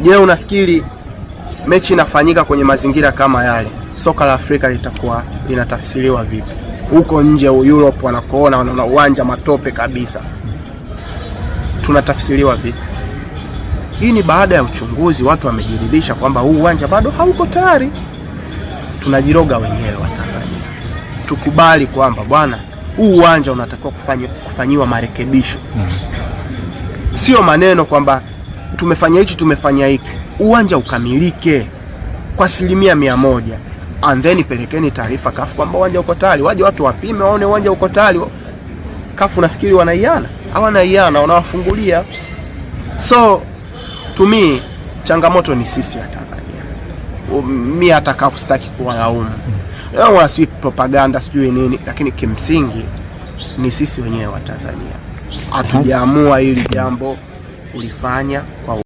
Je, unafikiri mechi inafanyika kwenye mazingira kama yale, soka la Afrika litakuwa linatafsiriwa vipi? Huko nje Europe wanakoona wanaona uwanja matope kabisa, tunatafsiriwa vipi? Hii ni baada ya uchunguzi, watu wamejiridhisha kwamba huu uwanja bado hauko tayari. Tunajiroga wenyewe wa Tanzania, tukubali kwamba bwana, huu uwanja unatakiwa kufanyiwa marekebisho, mm. sio maneno kwamba tumefanya hichi tumefanya hiki, uwanja ukamilike kwa asilimia mia moja and then pelekeni taarifa kafu kwamba uwanja uko tayari, waje watu wapime waone uwanja uko tayari. Kafu nafikiri wanaiana, hawanaiana, wanawafungulia. So to changamoto ni sisi ya Tanzania. Um, mi hata kafu sitaki kuwalaumu wana sijui propaganda sijui nini, lakini kimsingi ni sisi wenyewe wa Tanzania hatujaamua hili jambo. kulifanya kwa